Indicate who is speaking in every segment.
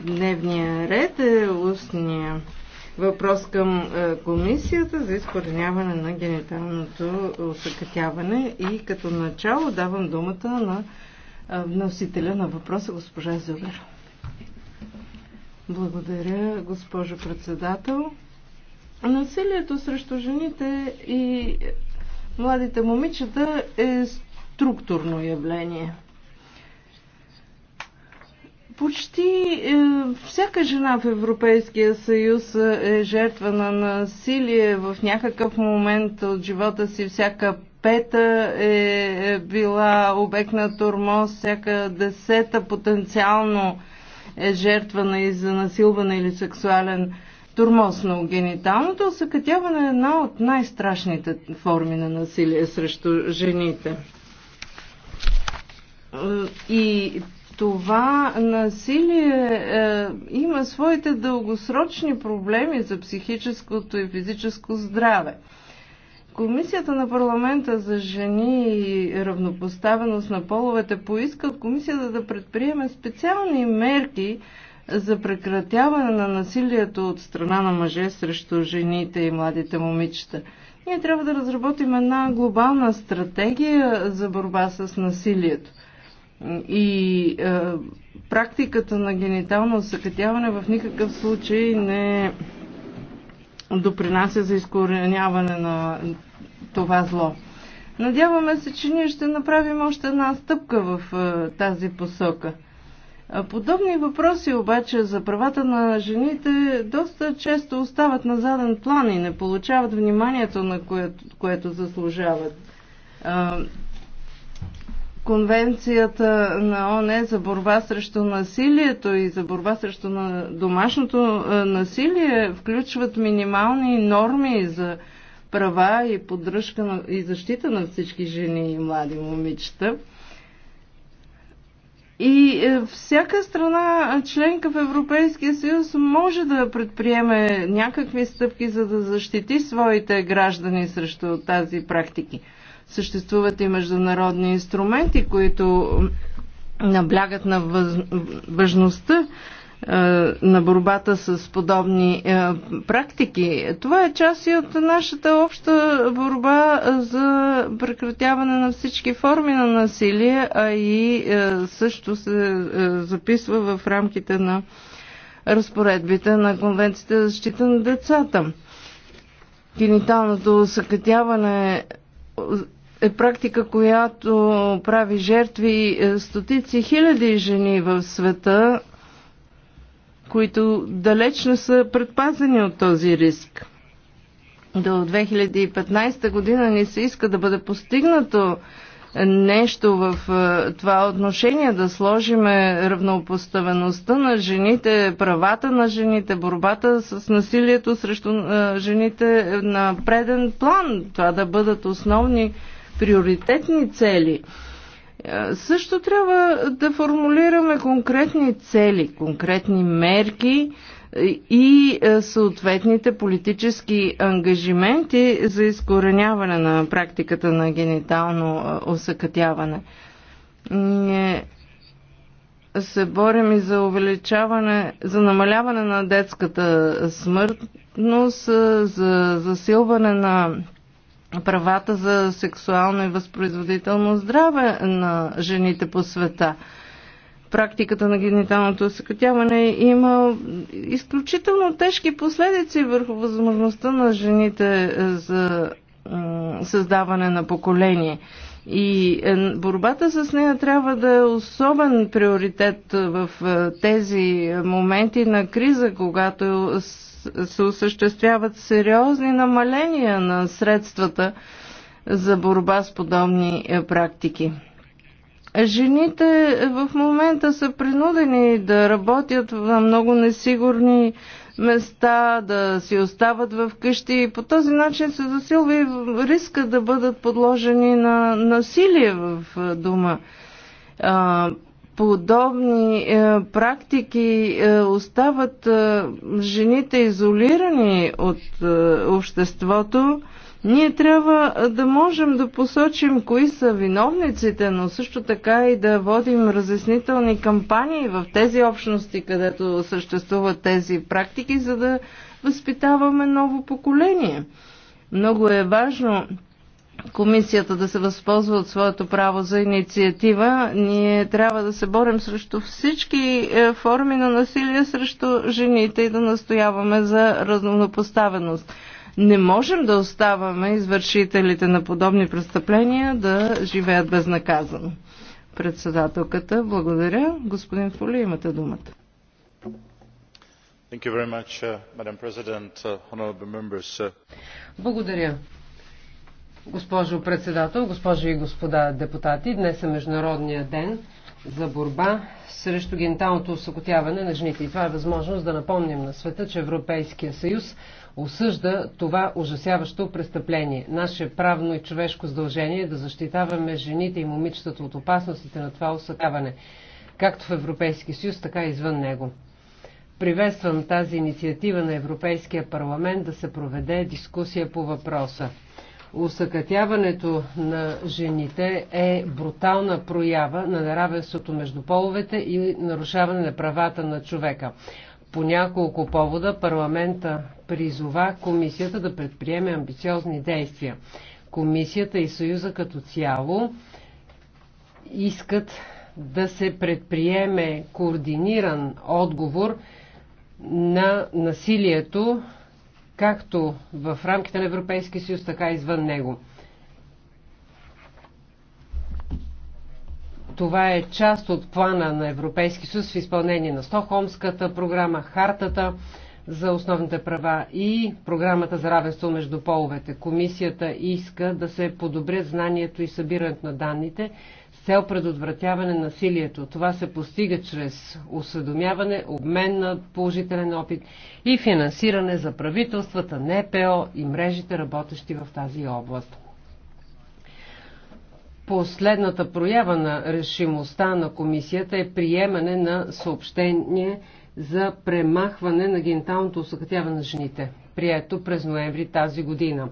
Speaker 1: дневния ред е устния въпрос към е, комисията за изкореняване на гениталното съкътяване и като начало давам думата на е, носителя на въпроса госпожа Зюбер. Благодаря, госпожо председател. Насилието срещу жените и младите момичета е структурно явление – почти е, всяка жена в Европейския съюз е жертва на насилие в някакъв момент от живота си. Всяка пета е, е била обект на турмоз, всяка десета потенциално е жертва на за насилване или сексуален турмоз. на гениталното осъкътяване е една от най-страшните форми на насилие срещу жените. Е, и това насилие е, има своите дългосрочни проблеми за психическото и физическо здраве. Комисията на парламента за жени и равнопоставеност на половете поиска от комисията да предприеме специални мерки за прекратяване на насилието от страна на мъже срещу жените и младите момичета. Ние трябва да разработим една глобална стратегия за борба с насилието. И е, практиката на генитално съкътяване в никакъв случай не допринася за изкореняване на това зло. Надяваме се, че ние ще направим още една стъпка в е, тази посока. Е, подобни въпроси обаче за правата на жените доста често остават на заден план и не получават вниманието, на което, което заслужават. Е, Конвенцията на ОН за борба срещу насилието и за борба срещу на домашното е, насилие включват минимални норми за права и поддръжка на, и защита на всички жени и млади момичета. И е, всяка страна, е, членка в Европейския съюз, може да предприеме някакви стъпки, за да защити своите граждани срещу тази практики. Съществуват и международни инструменти, които наблягат на въз... важността е, на борбата с подобни е, практики. Това е част и от нашата обща борба е, за прекратяване на всички форми на насилие, а и също се записва в рамките на разпоредбите на Конвенцията за защита на децата. Гениталното съкътяване е практика, която прави жертви е, стотици хиляди жени в света, които далеч не са предпазени от този риск. До 2015 година ни се иска да бъде постигнато нещо в е, това отношение, да сложиме равнопоставеността на жените, правата на жените, борбата с насилието срещу е, жените на преден план. Това да бъдат основни приоритетни цели. Е, също трябва да формулираме конкретни цели, конкретни мерки е, и е, съответните политически ангажименти за изкореняване на практиката на генитално осъкътяване. се борим и за увеличаване, за намаляване на детската смъртност, за засилване на правата за сексуално и възпроизводително здраве на жените по света. Практиката на гениталното осъкътяване има изключително тежки последици върху възможността на жените е, за създаване на поколение. И е, борбата с нея трябва да е особен приоритет в е, тези моменти на криза, когато се осъществяват сериозни намаления на средствата за борба с подобни е, практики. Жените е, в момента са принудени да работят на много несигурни места, да си остават в къщи и по този начин се засилва и риска да бъдат подложени на насилие в е, дома подобни е, практики е, остават е, жените изолирани от е, обществото, ние трябва да можем да посочим кои са виновниците, но също така и да водим разяснителни кампании в тези общности, където съществуват тези практики, за да възпитаваме ново поколение. Много е важно комисията да се възползва от своето право за инициатива. Ние трябва да се борим срещу всички е, форми на насилие срещу жените и да настояваме за равнопоставеност. Не можем да оставаме извършителите на подобни престъпления да живеят безнаказано. Председателката, благодаря. Господин Фули, имате думата. Uh, uh, uh.
Speaker 2: Благодаря. Госпожо председател, госпожи и господа депутати, днес е Международния ден за борба срещу гениталното усъкотяване на жените. И това е възможност да напомним на света, че Европейския съюз осъжда това ужасяващо престъпление. Наше правно и човешко задължение е да защитаваме жените и момичетата от опасностите на това усъкотяване, както в Европейския съюз, така и извън него. Приветствам тази инициатива на Европейския парламент да се проведе дискусия по въпроса. Усъкътяването на жените е брутална проява на неравенството между половете и нарушаване на правата на човека. По няколко повода парламента призова комисията да предприеме амбициозни действия. Комисията и Съюза като цяло искат да се предприеме координиран отговор на насилието както в рамките на Европейския съюз, така и извън него. Това е част от плана на Европейски съюз в изпълнение на Стохолмската програма, Хартата за основните права и програмата за равенство между половете. Комисията иска да се подобрят знанието и събирането на данните цел предотвратяване на насилието. Това се постига чрез осведомяване, обмен на положителен опит и финансиране за правителствата, НПО и мрежите, работещи в тази област. Последната проява на решимостта на комисията е приемане на съобщение за премахване на генталното усъкътяване на жените, прието през ноември тази година.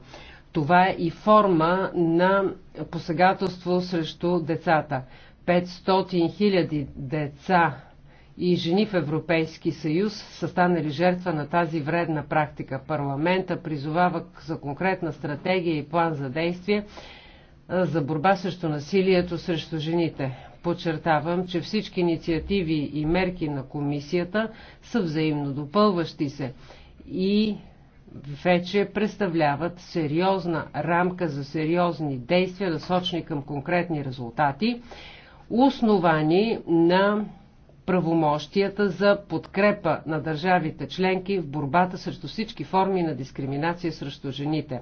Speaker 2: Това е и форма на посегателство срещу децата. 500 хиляди деца и жени в Европейски съюз са станали жертва на тази вредна практика. Парламента призовава за конкретна стратегия и план за действие за борба срещу насилието срещу жените. Подчертавам, че всички инициативи и мерки на комисията са взаимно допълващи се и вече представляват сериозна рамка за сериозни действия, насочени към конкретни резултати, основани на правомощията за подкрепа на държавите членки в борбата срещу всички форми на дискриминация срещу жените.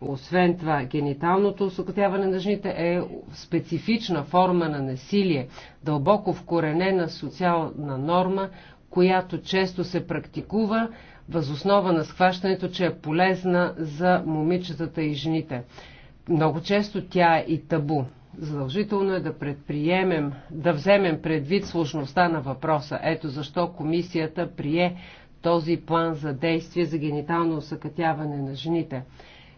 Speaker 2: Освен това, гениталното осъкотяване на жените е специфична форма на насилие, дълбоко вкоренена социална норма, която често се практикува възоснова на схващането, че е полезна за момичетата и жените. Много често тя е и табу. Задължително е да предприемем, да вземем предвид сложността на въпроса. Ето защо комисията прие този план за действие за генитално усъкътяване на жените.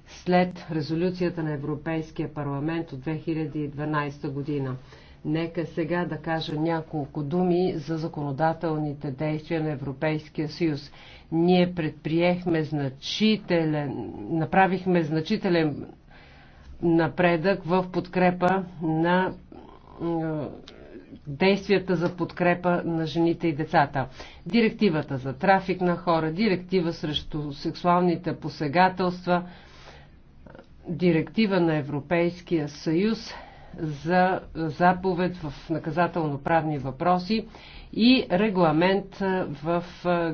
Speaker 2: След резолюцията на Европейския парламент от 2012 година. Нека сега да кажа няколко думи за законодателните действия на Европейския съюз. Ние предприехме значителен, направихме значителен напредък в подкрепа на действията за подкрепа на жените и децата. Директивата за трафик на хора, директива срещу сексуалните посегателства, директива на Европейския съюз за заповед в наказателно-правни въпроси и регламент в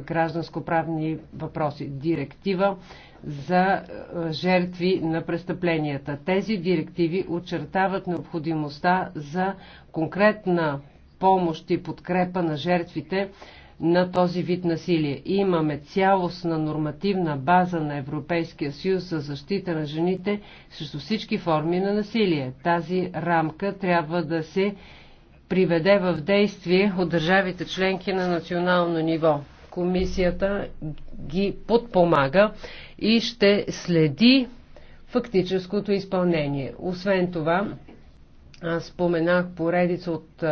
Speaker 2: гражданско-правни въпроси, директива за жертви на престъпленията. Тези директиви очертават необходимостта за конкретна помощ и подкрепа на жертвите на този вид насилие. Имаме цялостна нормативна база на Европейския съюз за защита на жените срещу всички форми на насилие. Тази рамка трябва да се приведе в действие от държавите членки на национално ниво. Комисията ги подпомага и ще следи фактическото изпълнение. Освен това, аз споменах поредица от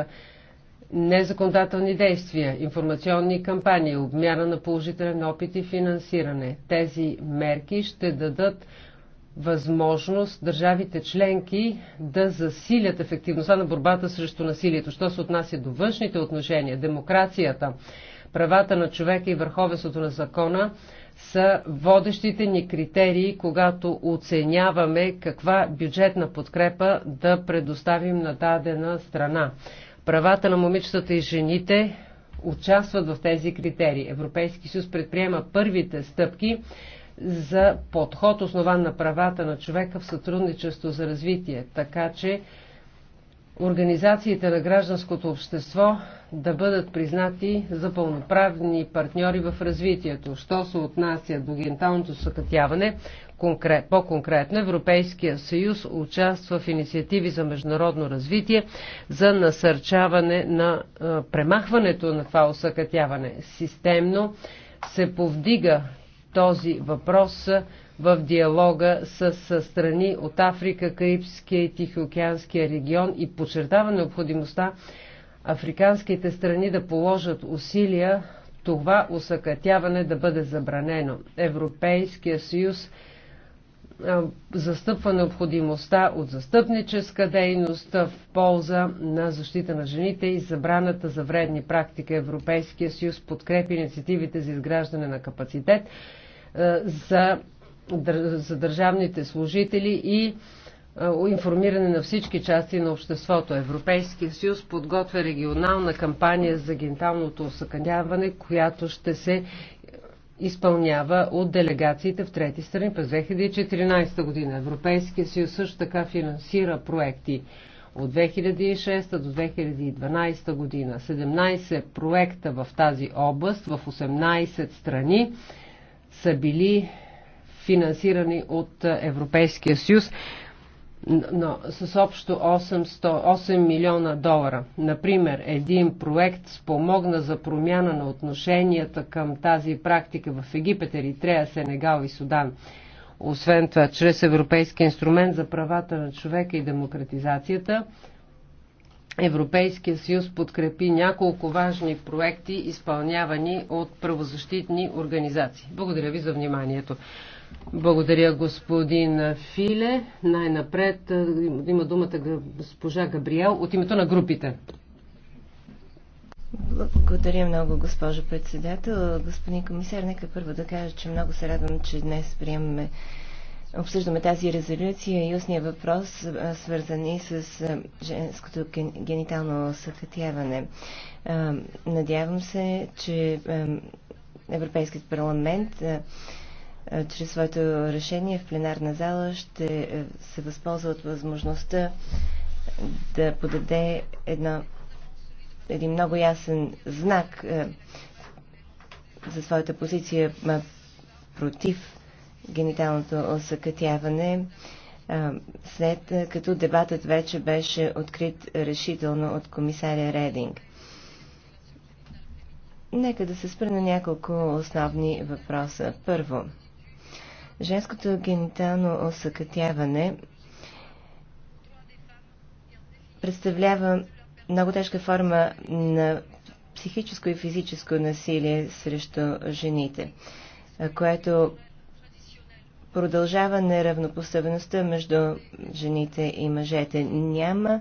Speaker 2: незаконодателни действия, информационни кампании, обмяна на положителен опит и финансиране. Тези мерки ще дадат възможност държавите членки да засилят ефективността на борбата срещу насилието. Що се отнася до външните отношения, демокрацията, правата на човека и върховенството на закона са водещите ни критерии, когато оценяваме каква бюджетна подкрепа да предоставим на дадена страна. Правата на момичетата и жените участват в тези критерии. Европейски съюз предприема първите стъпки за подход, основан на правата на човека в сътрудничество за развитие, така че организациите на гражданското общество да бъдат признати за пълноправни партньори в развитието. Що се отнася до генталното съкътяване, по-конкретно Европейския съюз участва в инициативи за международно развитие за насърчаване на премахването на това осъкътяване. Системно се повдига този въпрос в диалога с страни от Африка, Карибския и Тихоокеанския регион и подчертава необходимостта африканските страни да положат усилия това усъкътяване да бъде забранено. Европейския съюз застъпва необходимостта от застъпническа дейност в полза на защита на жените и забраната за вредни практики. Европейския съюз подкрепи инициативите за изграждане на капацитет е, за, за държавните служители и е, информиране на всички части на обществото. Европейския съюз подготвя регионална кампания за генталното осъканяване, която ще се изпълнява от делегациите в трети страни през 2014 година. Европейския съюз също така финансира проекти от 2006 до 2012 година. 17 проекта в тази област, в 18 страни са били финансирани от Европейския съюз но с общо 800, 8 милиона долара. Например, един проект спомогна за промяна на отношенията към тази практика в Египет, Еритрея, Сенегал и Судан. Освен това, чрез Европейския инструмент за правата на човека и демократизацията, Европейския съюз подкрепи няколко важни проекти, изпълнявани от правозащитни организации. Благодаря ви за вниманието. Благодаря господин Филе. Най-напред има думата госпожа Габриел от името на групите.
Speaker 3: Благодаря много, госпожо председател. Господин комисар, нека първо да кажа, че много се радвам, че днес приемаме обсъждаме тази резолюция и устния въпрос, свързани с женското генитално съкътяване. Надявам се, че Европейският парламент чрез своето решение в пленарна зала ще се възползва от възможността да подаде едно, един много ясен знак за своята позиция против гениталното осъкътяване, след като дебатът вече беше открит решително от комисаря Рединг. Нека да се спра на няколко основни въпроса. Първо, женското генитално осъкътяване представлява много тежка форма на психическо и физическо насилие срещу жените, което Продължава неравнопоставеността между жените и мъжете. Няма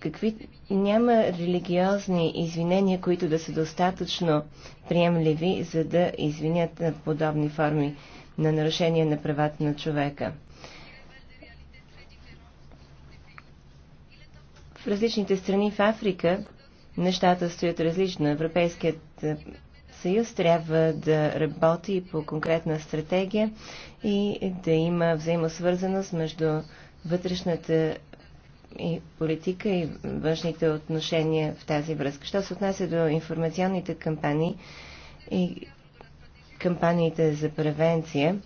Speaker 3: какви, няма религиозни извинения, които да са достатъчно приемливи, за да извинят подобни форми на нарушение на правата на човека. В различните страни в Африка нещата стоят различно. Европейският съюз трябва да работи по конкретна стратегия и да има взаимосвързаност между вътрешната и политика и външните отношения в тази връзка. Що се отнася до информационните кампании и кампаниите за превенция,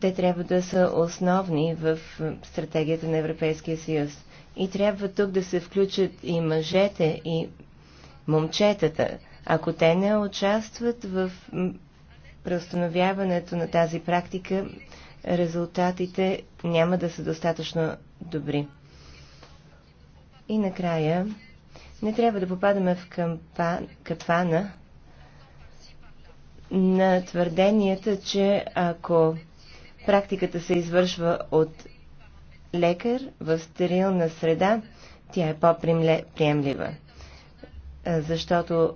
Speaker 3: те трябва да са основни в стратегията на Европейския съюз. И трябва тук да се включат и мъжете, и момчетата, ако те не участват в преустановяването на тази практика, резултатите няма да са достатъчно добри. И накрая, не трябва да попадаме в кампа... капана на твърденията, че ако практиката се извършва от лекар в стерилна среда, тя е по-приемлива. Защото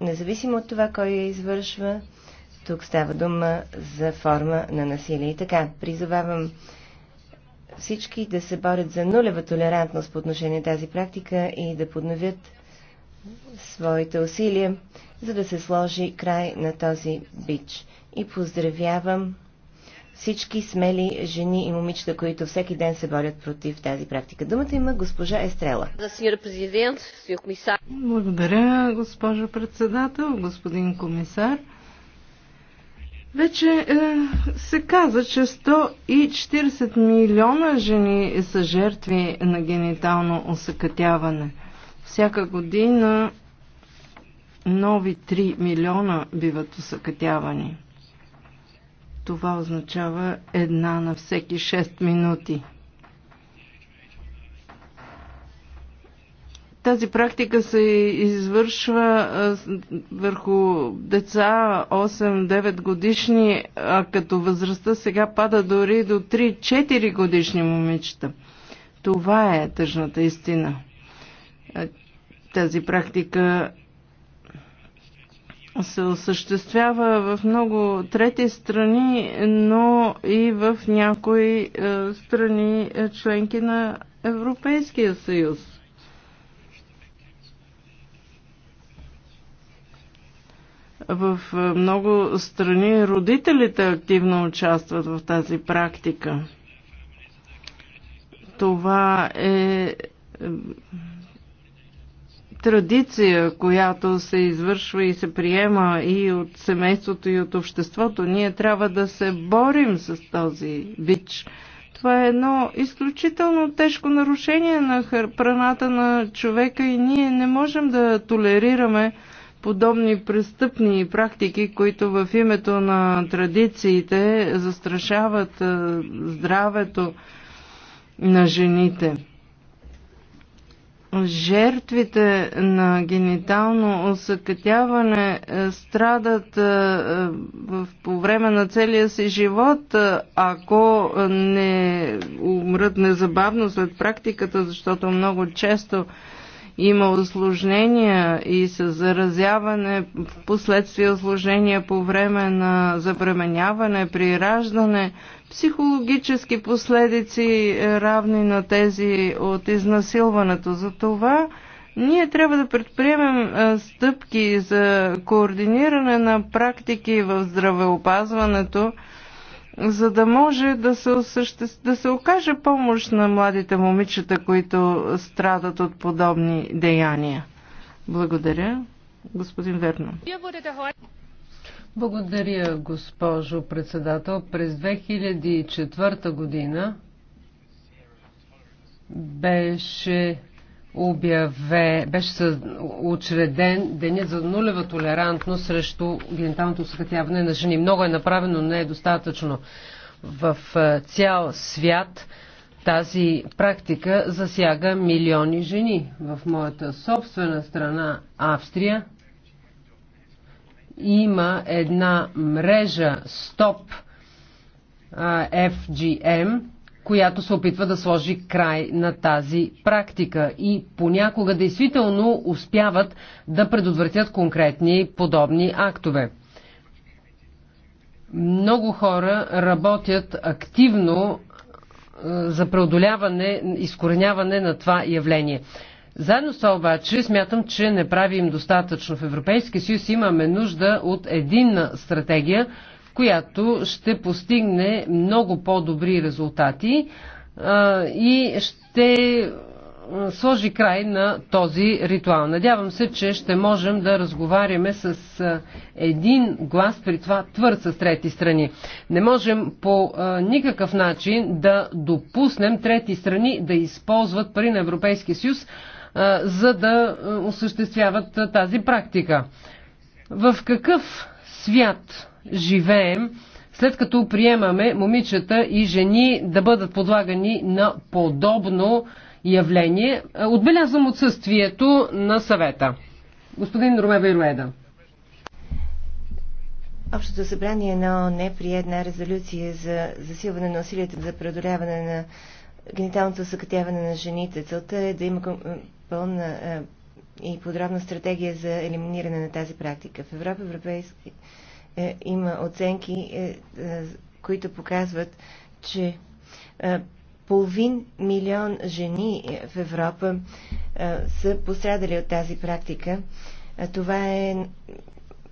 Speaker 3: независимо от това кой я извършва. Тук става дума за форма на насилие. И така, призовавам всички да се борят за нулева толерантност по отношение на тази практика и да подновят своите усилия, за да се сложи край на този бич. И поздравявам всички смели жени и момичета, които всеки ден се борят против тази практика. Думата има госпожа Естрела. Благодаря, госпожо председател,
Speaker 1: господин комисар. Вече е, се каза, че 140 милиона жени са жертви на генитално осъкътяване. Всяка година нови 3 милиона биват осъкътявани. Това означава една на всеки 6 минути. Тази практика се извършва върху деца 8-9 годишни, а като възрастта сега пада дори до 3-4 годишни момичета. Това е тъжната истина. Тази практика се осъществява в много трети страни, но и в някои е, страни е, членки на Европейския съюз. В е, много страни родителите активно участват в тази практика. Това е традиция, която се извършва и се приема и от семейството, и от обществото. Ние трябва да се борим с този бич. Това е едно изключително тежко нарушение на храната на човека и ние не можем да толерираме подобни престъпни практики, които в името на традициите застрашават здравето на жените жертвите на генитално осъкътяване е, страдат е, е, по време на целия си живот, ако не умрат незабавно след практиката, защото много често има осложнения и с заразяване, в последствие осложнения по време на забременяване, при раждане, психологически последици е, равни на тези от изнасилването. За това ние трябва да предприемем е, стъпки за координиране на практики в здравеопазването, за да може да се, осъществ... да се окаже помощ на младите момичета, които страдат от подобни деяния. Благодаря. Господин Верно.
Speaker 2: Благодаря, госпожо председател. През 2004 година беше обяве, беше учреден денят за нулева толерантност срещу генеталното съкътяване на жени. Много е направено, но не е достатъчно. В цял свят тази практика засяга милиони жени. В моята собствена страна Австрия има една мрежа СТОП FGM, която се опитва да сложи край на тази практика и понякога действително успяват да предотвратят конкретни подобни актове. Много хора работят активно е, за преодоляване, изкореняване на това явление. Заедно с това обаче смятам, че не правим достатъчно в Европейския съюз. Имаме нужда от единна стратегия, която ще постигне много по-добри резултати и ще сложи край на този ритуал. Надявам се, че ще можем да разговаряме с един глас, при това твърд с трети страни. Не можем по никакъв начин да допуснем трети страни да използват пари на Европейския съюз, за да осъществяват тази практика. В какъв свят живеем, след като приемаме момичета и жени да бъдат подлагани на подобно явление. Отбелязвам отсъствието на съвета. Господин Румева Ируеда.
Speaker 3: Общото събрание на ООН прие една резолюция за засилване на усилията за преодоляване на гениталното съкътяване на жените. Целта е да има пълна и подробна стратегия за елиминиране на тази практика. В Европа, Европейски е, има оценки, е, е, които показват, че е, половин милион жени е, в Европа е, са пострадали от тази практика. Е, това е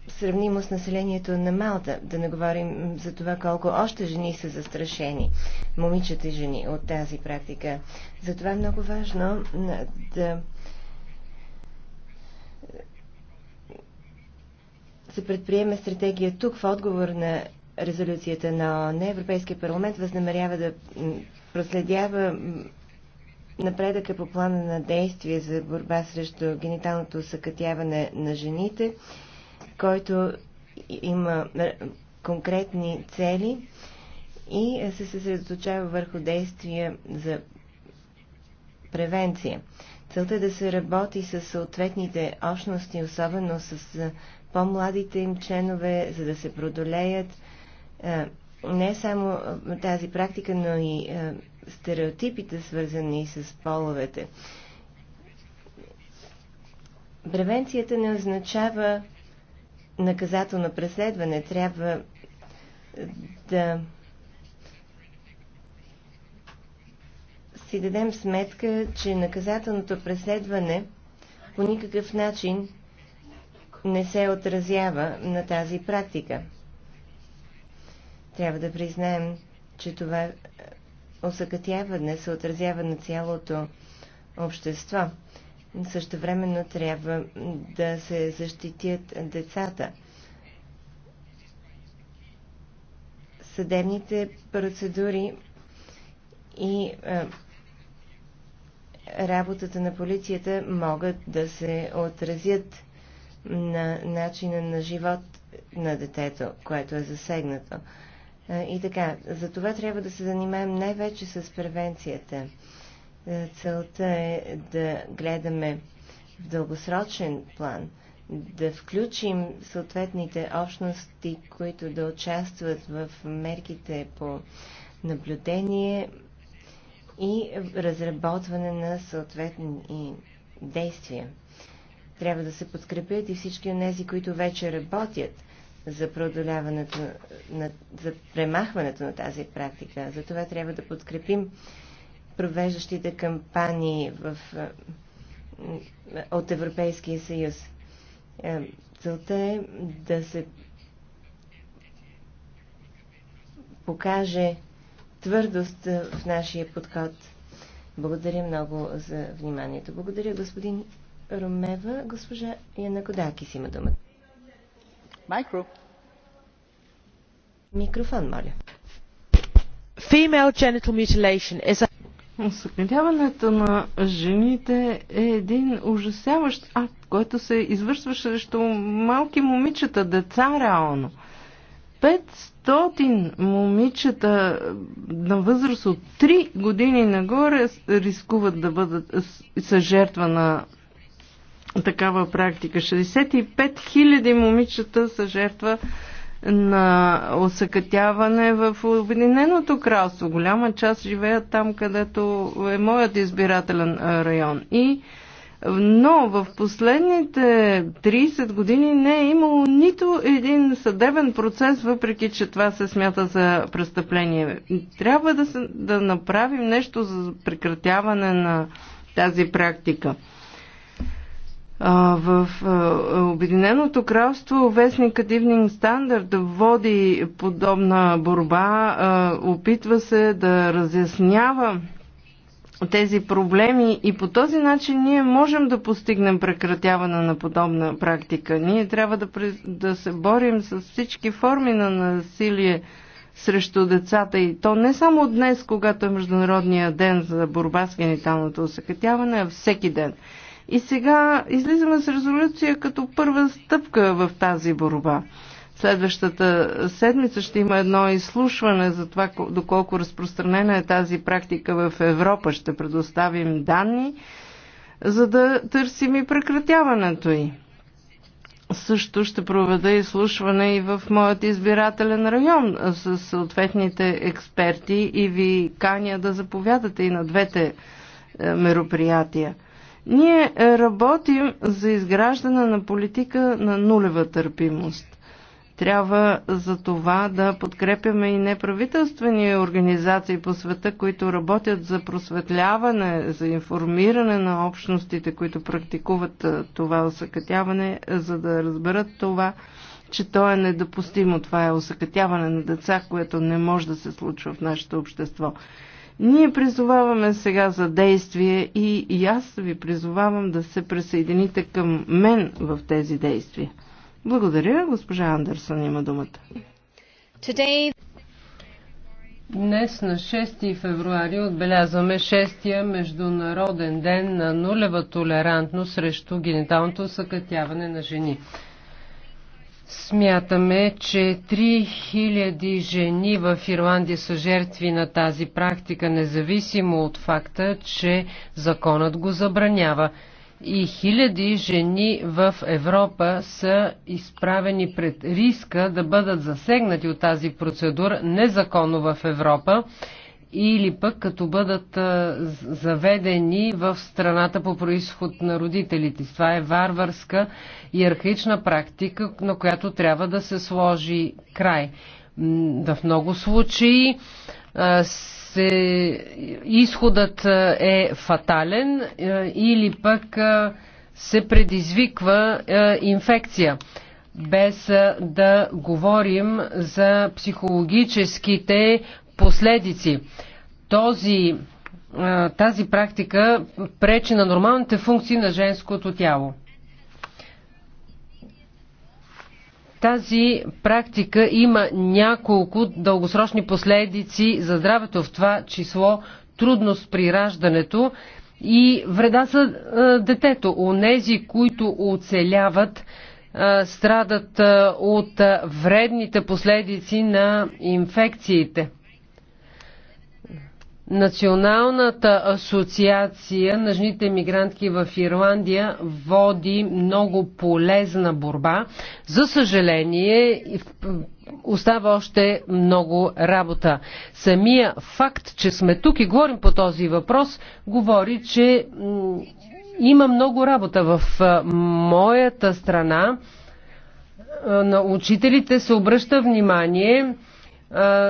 Speaker 3: сравнимо с населението на Малта, да не говорим за това колко още жени са застрашени, момичета и жени от тази практика. Затова е много важно е, да се предприеме стратегия тук в отговор на резолюцията на ОНЕ, Европейския парламент възнамерява да проследява напредъка по плана на действие за борба срещу гениталното съкътяване на жените, който има конкретни цели и се съсредоточава върху действия за превенция. Целта е да се работи с съответните общности, особено с по-младите им членове, за да се продолеят е, не само е, тази практика, но и е, стереотипите, свързани с половете. Превенцията не означава наказателно преследване. Трябва да си дадем сметка, че наказателното преследване по никакъв начин не се отразява на тази практика. Трябва да признаем, че това е, осъкътяване се отразява на цялото общество. Също времено трябва да се защитят децата. Съдебните процедури и е, работата на полицията могат да се отразят на начина на живот на детето, което е засегнато. И така, за това трябва да се занимаем най-вече с превенцията. Целта е да гледаме в дългосрочен план, да включим съответните общности, които да участват в мерките по наблюдение и разработване на съответни действия. Трябва да се подкрепят и всички от тези, които вече работят за преодоляването, на, за премахването на тази практика. Затова трябва да подкрепим провеждащите кампании в, от Европейския съюз. Е, целта е да се покаже твърдост в нашия подход. Благодаря много за вниманието. Благодаря, господин Ромева. Госпожа Яна Кодакис има думата. Micro. Микрофон, моля.
Speaker 1: Female genital mutilation is a... Осъкняването на жените е един ужасяващ акт, който се извършва срещу малки момичета, деца реално. 500 момичета на възраст от 3 години нагоре рискуват да бъдат са жертва на такава практика. 65 000 момичета са жертва на осъкътяване в Обединеното кралство. Голяма част живеят там, където е моят избирателен район. И но в последните 30 години не е имало нито един съдебен процес, въпреки че това се смята за престъпление. Трябва да, се, да направим нещо за прекратяване на тази практика. В Обединеното кралство вестникът Evening Standard води подобна борба, опитва се да разяснява тези проблеми и по този начин ние можем да постигнем прекратяване на подобна практика. Ние трябва да, да се борим с всички форми на насилие срещу децата и то не само днес, когато е Международния ден за борба с гениталното осъкътяване, а всеки ден. И сега излизаме с резолюция като първа стъпка в тази борба. Следващата седмица ще има едно изслушване за това доколко разпространена е тази практика в Европа. Ще предоставим данни, за да търсим и прекратяването й. Също ще проведа изслушване и в моят избирателен район с съответните експерти и ви каня да заповядате и на двете е, мероприятия. Ние работим за изграждане на политика на нулева търпимост. Трябва за това да подкрепяме и неправителствени организации по света, които работят за просветляване, за информиране на общностите, които практикуват това осъкътяване, за да разберат това, че то е недопустимо. Това е осъкътяване на деца, което не може да се случва в нашето общество. Ние призоваваме сега за действие и, и аз ви призовавам да се присъедините към мен в тези действия. Благодаря. Госпожа Андерсон има думата.
Speaker 2: Today... Днес на 6 февруари отбелязваме 6-я Международен ден на нулева толерантност срещу гениталното съкътяване на жени. Смятаме, че 3000 жени в Ирландия са жертви на тази практика, независимо от факта, че законът го забранява. И хиляди жени в Европа са изправени пред риска да бъдат засегнати от тази процедура незаконно в Европа или пък като бъдат заведени в страната по происход на родителите. Това е варварска и архаична практика, на която трябва да се сложи край. В много случаи се, изходът е фатален или пък се предизвиква инфекция без да говорим за психологическите последици. Този, тази практика пречи на нормалните функции на женското тяло. Тази практика има няколко дългосрочни последици за здравето, в това число трудност при раждането и вреда за детето. Онези, които оцеляват, страдат от вредните последици на инфекциите. Националната асоциация на жените мигрантки в Ирландия води много полезна борба. За съжаление, остава още много работа. Самия факт, че сме тук и говорим по този въпрос, говори, че има много работа в моята страна. На учителите се обръща внимание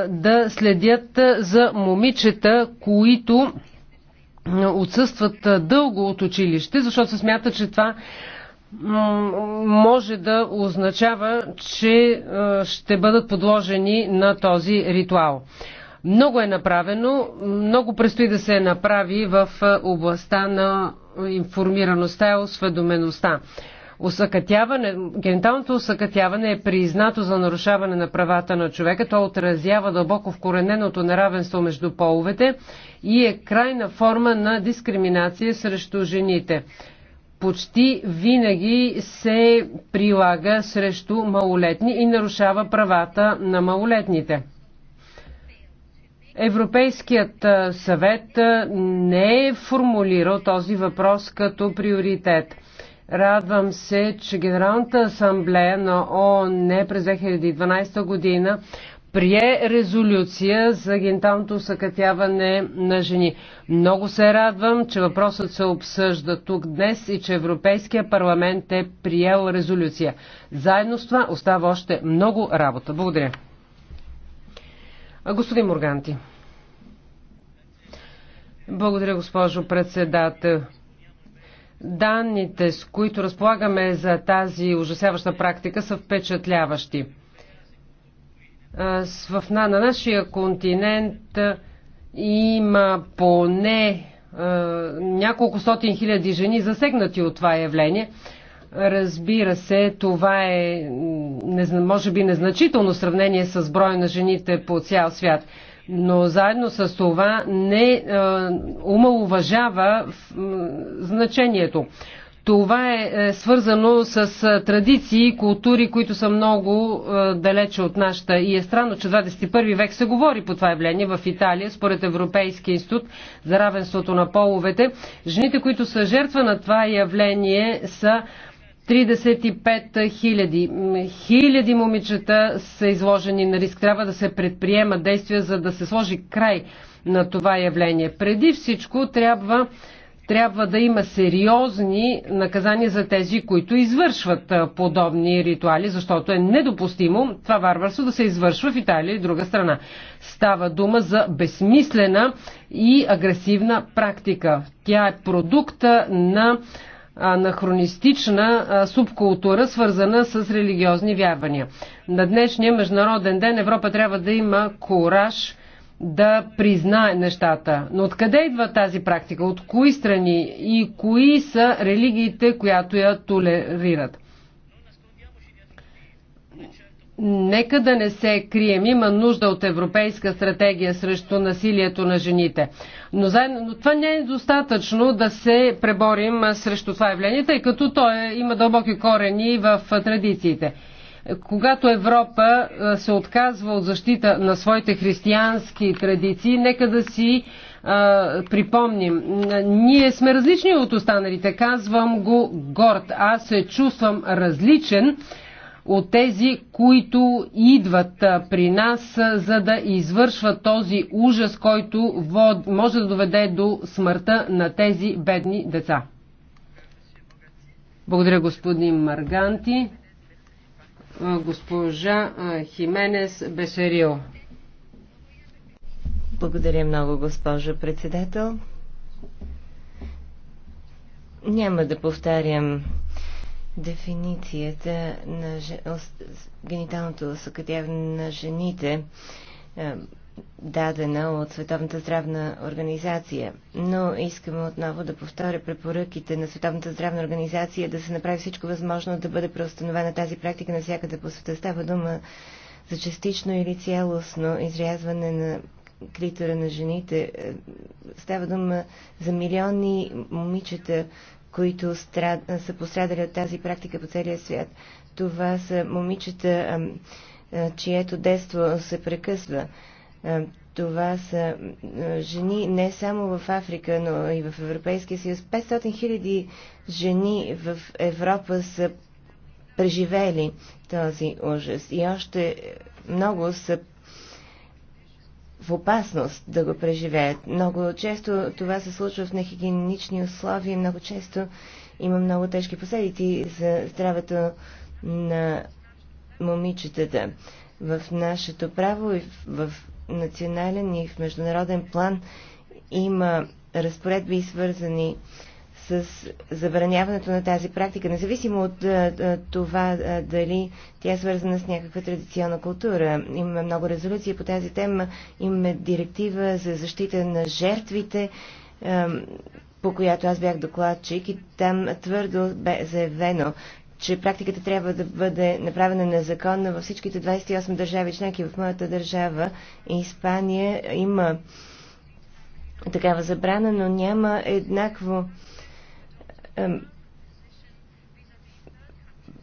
Speaker 2: да следят за момичета, които отсъстват дълго от училище, защото се смята, че това може да означава, че ще бъдат подложени на този ритуал. Много е направено, много предстои да се направи в областта на информираността и осведомеността. Усъкътяване, гениталното усъкътяване е признато за нарушаване на правата на човека. То отразява дълбоко вкорененото неравенство между половете и е крайна форма на дискриминация срещу жените. Почти винаги се прилага срещу малолетни и нарушава правата на малолетните. Европейският съвет не е формулирал този въпрос като приоритет – Радвам се, че Генералната асамблея на ООН през 2012 година прие резолюция за генталното съкътяване на жени. Много се радвам, че въпросът се обсъжда тук днес и че Европейския парламент е приел резолюция. Заедно с това остава още много работа. Благодаря. Господин Морганти. Благодаря, госпожо председател. Данните, с които разполагаме за тази ужасяваща практика, са впечатляващи. На нашия континент има поне няколко стотин хиляди жени засегнати от това явление. Разбира се, това е може би незначително сравнение с броя на жените по цял свят но заедно с това не е, умалуважава значението. Това е, е свързано с е, традиции и култури, които са много далече от нашата. И е странно, че 21 век се говори по това явление в Италия, според Европейския институт за равенството на половете. Жените, които са жертва на това явление, са 35 хиляди. Хиляди момичета са изложени на риск. Трябва да се предприема действия, за да се сложи край на това явление. Преди всичко трябва, трябва да има сериозни наказания за тези, които извършват подобни ритуали, защото е недопустимо това варварство да се извършва в Италия и друга страна. Става дума за безсмислена и агресивна практика. Тя е продукта на анахронистична субкултура, свързана с религиозни вярвания. На днешния Международен ден Европа трябва да има кураж да признае нещата. Но откъде идва тази практика? От кои страни и кои са религиите, която я толерират? Нека да не се крием. Има нужда от европейска стратегия срещу насилието на жените. Но, заедно, но това не е достатъчно да се преборим срещу това явление, тъй като то е, има дълбоки корени в традициите. Когато Европа се отказва от защита на своите християнски традиции, нека да си а, припомним. Ние сме различни от останалите. Казвам го горд. Аз се чувствам различен от тези, които идват при нас, за да извършват този ужас, който вод, може да доведе до смъртта на тези бедни деца. Благодаря, господин Марганти. Госпожа Хименес Бесерио.
Speaker 3: Благодаря много, госпожо председател. Няма да повтарям дефиницията на гениталното съкътяване на жените, е, дадена от Световната здравна организация. Но искаме отново да повторя препоръките на Световната здравна организация да се направи всичко възможно да бъде преустановена тази практика навсякъде по света. Става дума за частично или цялостно изрязване на клитора на жените. Е, става дума за милиони момичета, които страд... са пострадали от тази практика по целия свят. Това са момичета, чието детство се прекъсва. Това са жени не само в Африка, но и в Европейския съюз. 500 хиляди жени в Европа са преживели този ужас и още много са в опасност да го преживеят. Много често това се случва в нехигиенични условия, много често има много тежки последици за здравето на момичетата. В нашето право и в национален и в международен план има разпоредби, свързани с забраняването на тази практика, независимо от това дали тя е свързана с някаква традиционна култура. Имаме много резолюции по тази тема, имаме директива за защита на жертвите, по която аз бях докладчик и там твърдо бе заявено, че практиката трябва да бъде направена незаконна във всичките 28 държави членки. В моята държава, Испания, има такава забрана, но няма еднакво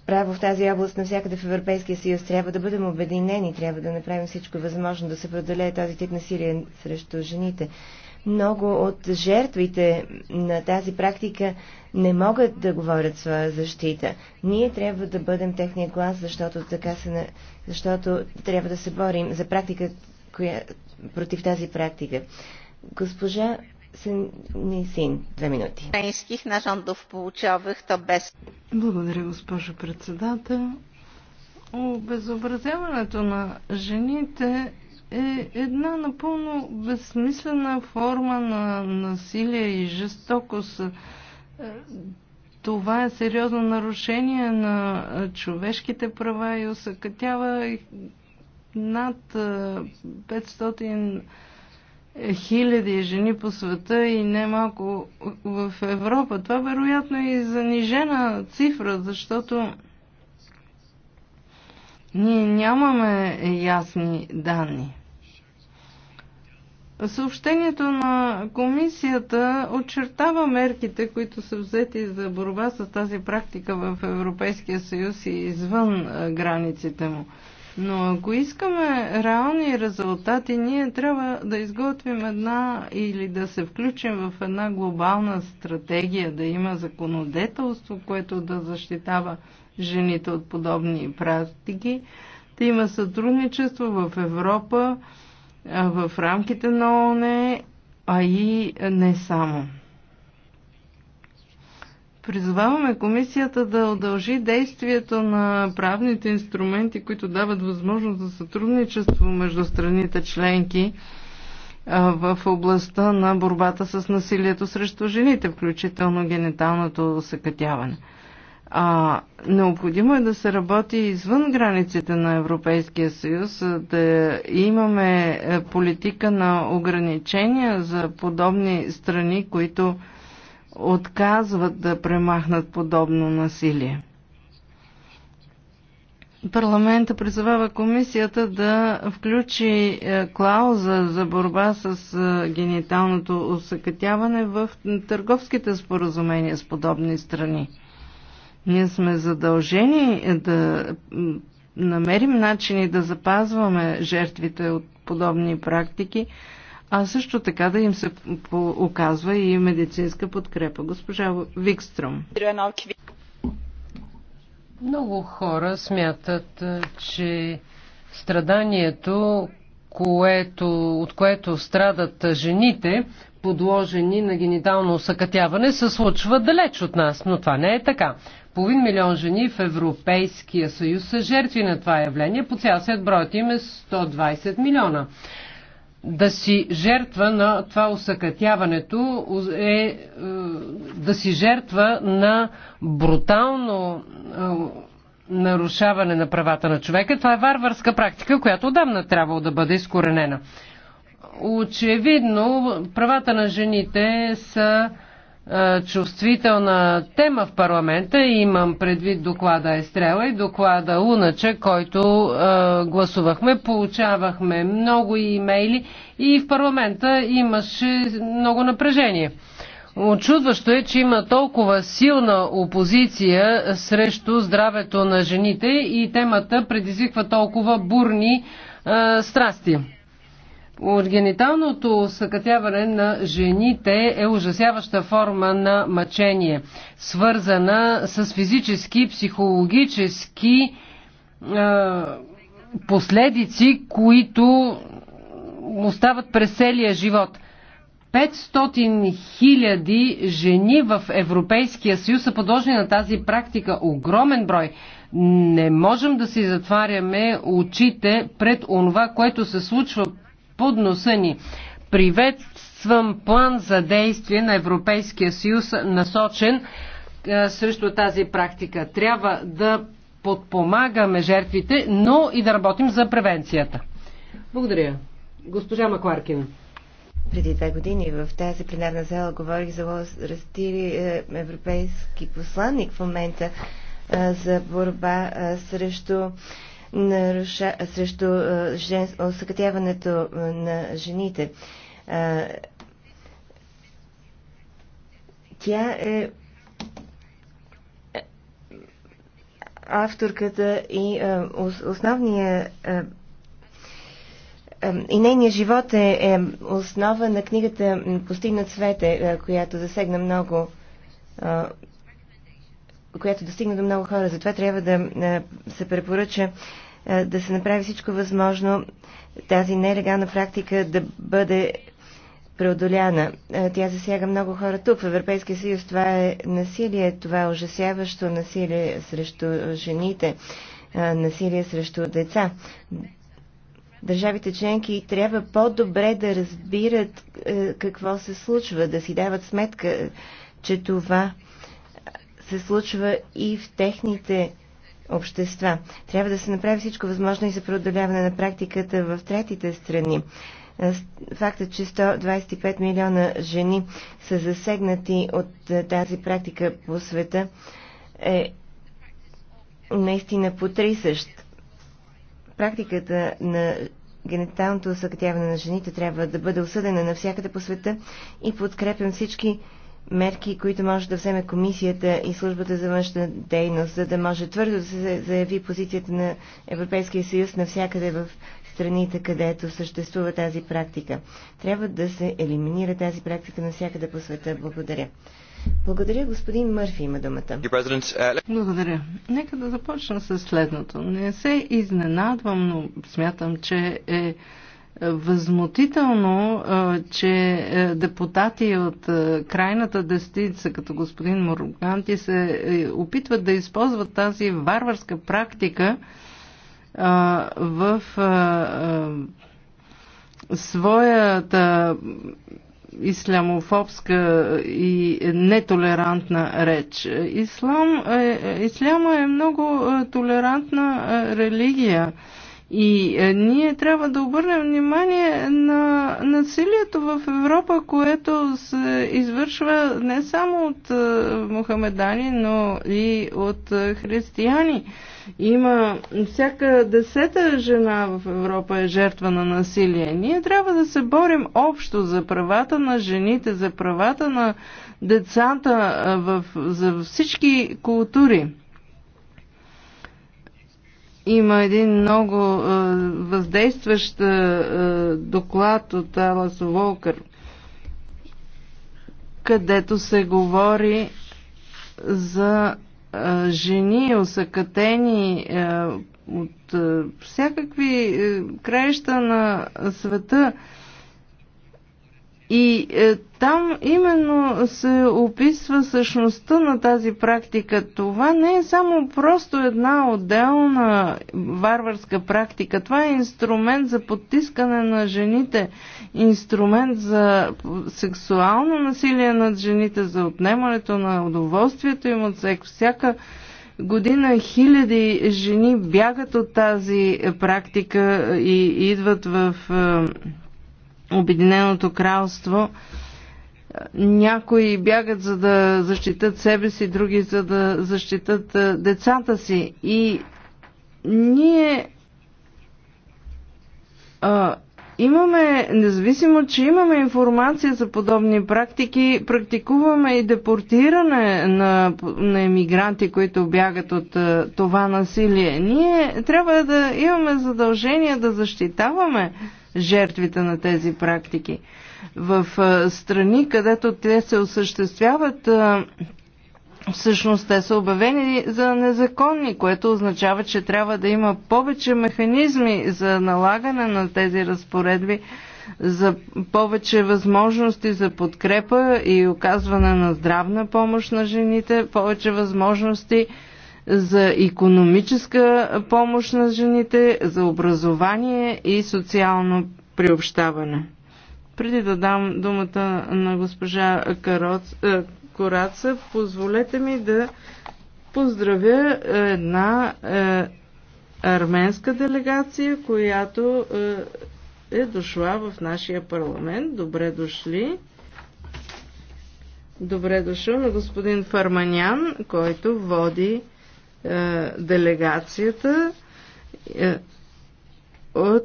Speaker 3: право в тази област навсякъде в Европейския съюз. Трябва да бъдем обединени, трябва да направим всичко възможно да се преодолее този тип насилие срещу жените. Много от жертвите на тази практика не могат да говорят своя защита. Ние трябва да бъдем техния глас, защото, така се, защото трябва да се борим за практика, коя, против тази практика. Госпожа Две минути. Благодаря, госпожо председател.
Speaker 1: Обезобразяването на жените е една напълно безсмислена форма на насилие и жестокост. Е, това е сериозно нарушение на човешките права и усъкътява над 500 е, хиляди жени по света и немалко в Европа. Това вероятно е и занижена цифра, защото ние нямаме ясни данни. Съобщението на комисията очертава мерките, които са взети за борба с тази практика в Европейския съюз и извън границите му. Но ако искаме реални резултати, ние трябва да изготвим една или да се включим в една глобална стратегия, да има законодателство, което да защитава жените от подобни практики, да има сътрудничество в Европа, в рамките на ООН, а и не само. Призоваваме комисията да удължи действието на правните инструменти, които дават възможност за сътрудничество между страните членки в областта на борбата с насилието срещу жените, включително гениталното съкътяване. А, необходимо е да се работи извън границите на Европейския съюз, да имаме е, политика на ограничения за подобни страни, които отказват да премахнат подобно насилие. Парламента призовава комисията да включи е, клауза за борба с е, гениталното усъкътяване в търговските споразумения с подобни страни. Ние сме задължени да намерим начини да запазваме жертвите от подобни практики, а също така да им се оказва и медицинска подкрепа. Госпожа Викстром.
Speaker 2: Много хора смятат, е, че страданието, което, от което страдат жените, подложени на генитално усъкътяване, се случва далеч от нас, но това не е така. Половин милион жени в Европейския съюз са жертви на това явление. По цял свят броят им е 120 милиона да си жертва на това усъкътяването е, е да си жертва на брутално е, нарушаване на правата на човека. Това е варварска практика, която отдавна трябва да бъде изкоренена. Очевидно, правата на жените са е, чувствителна тема в парламента. Имам предвид доклада Естрела и доклада Луначе, който е, гласувахме. Получавахме много имейли и в парламента имаше много напрежение. Очудващо е, че има толкова силна опозиция срещу здравето на жените и темата предизвиква толкова бурни е, страсти гениталното съкътяване на жените е ужасяваща форма на мъчение, свързана с физически психологически е, последици, които остават през целия живот. 500 хиляди жени в Европейския съюз са подложени на тази практика. Огромен брой. Не можем да си затваряме очите пред онова, което се случва под носа ни. Приветствам план за действие на Европейския съюз, насочен а, е, срещу тази практика. Трябва да подпомагаме жертвите, но и да работим за превенцията.
Speaker 3: Благодаря. Госпожа Макларкин. Преди две години в тази пленарна зала говорих за Лос Растили, е, европейски посланник в момента е, за борба срещу наруша, срещу жен, осъкътяването на жените. Тя е авторката и основния и нейният живот е, е основа на книгата Постигнат свете, която засегна много която стигне до много хора. Затова трябва да се препоръча да се направи всичко възможно тази нелегална практика да бъде преодоляна. Тя засяга много хора тук, в Европейския съюз. Това е насилие, това е ужасяващо насилие срещу жените, насилие срещу деца. Държавите членки трябва по-добре да разбират какво се случва, да си дават сметка, че това се случва и в техните общества. Трябва да се направи всичко възможно и за преодоляване на практиката в третите страни. Фактът, че 125 милиона жени са засегнати от тази практика по света е наистина потрисъщ. Практиката на генеталното усъкътяване на жените трябва да бъде осъдена навсякъде по света и подкрепям всички мерки, които може да вземе комисията и службата за външна дейност, за да може твърдо да се заяви позицията на Европейския съюз навсякъде в страните, където съществува тази практика. Трябва да се елиминира тази практика навсякъде по света. Благодаря. Благодаря, господин Мърфи има думата. Е, Благодаря. Нека да започна с следното. Не се
Speaker 1: изненадвам, но смятам, че е възмутително, че е, депутати от е, крайната десница, като господин Морганти, се е, опитват да използват тази варварска практика в своята ислямофобска и нетолерантна реч. Ислам е, исляма е много толерантна религия и е, ние трябва да обърнем внимание на насилието в Европа, което се извършва не само от е, мухамедани, но и от е, християни. Има всяка десета жена в Европа е жертва на насилие. Ние трябва да се борим общо за правата на жените, за правата на децата е, в, за всички култури. Има един много въздействащ доклад от Алас Волкър, където се говори за жени, осъкатени от всякакви краища на света. И е, там именно се описва същността на тази практика. Това не е само просто една отделна варварска практика. Това е инструмент за потискане на жените, инструмент за сексуално насилие над жените, за отнемането на удоволствието им от секс. Всяка година хиляди жени бягат от тази практика и идват в. Е, Обединеното кралство. Някои бягат за да защитат себе си, други за да защитат децата си. И ние а, имаме, независимо, че имаме информация за подобни практики, практикуваме и депортиране на, на емигранти, които бягат от а, това насилие. Ние трябва да имаме задължение да защитаваме жертвите на тези практики. В страни, където те се осъществяват, всъщност те са обявени за незаконни, което означава, че трябва да има повече механизми за налагане на тези разпоредби, за повече възможности за подкрепа и оказване на здравна помощ на жените, повече възможности за економическа помощ на жените, за образование и социално приобщаване. Преди да дам думата на госпожа Кароц, е, Кораца, позволете ми да поздравя една е, арменска делегация, която е, е дошла в нашия парламент. Добре дошли! Добре дошъл на господин Фарманян, който води е, делегацията е, от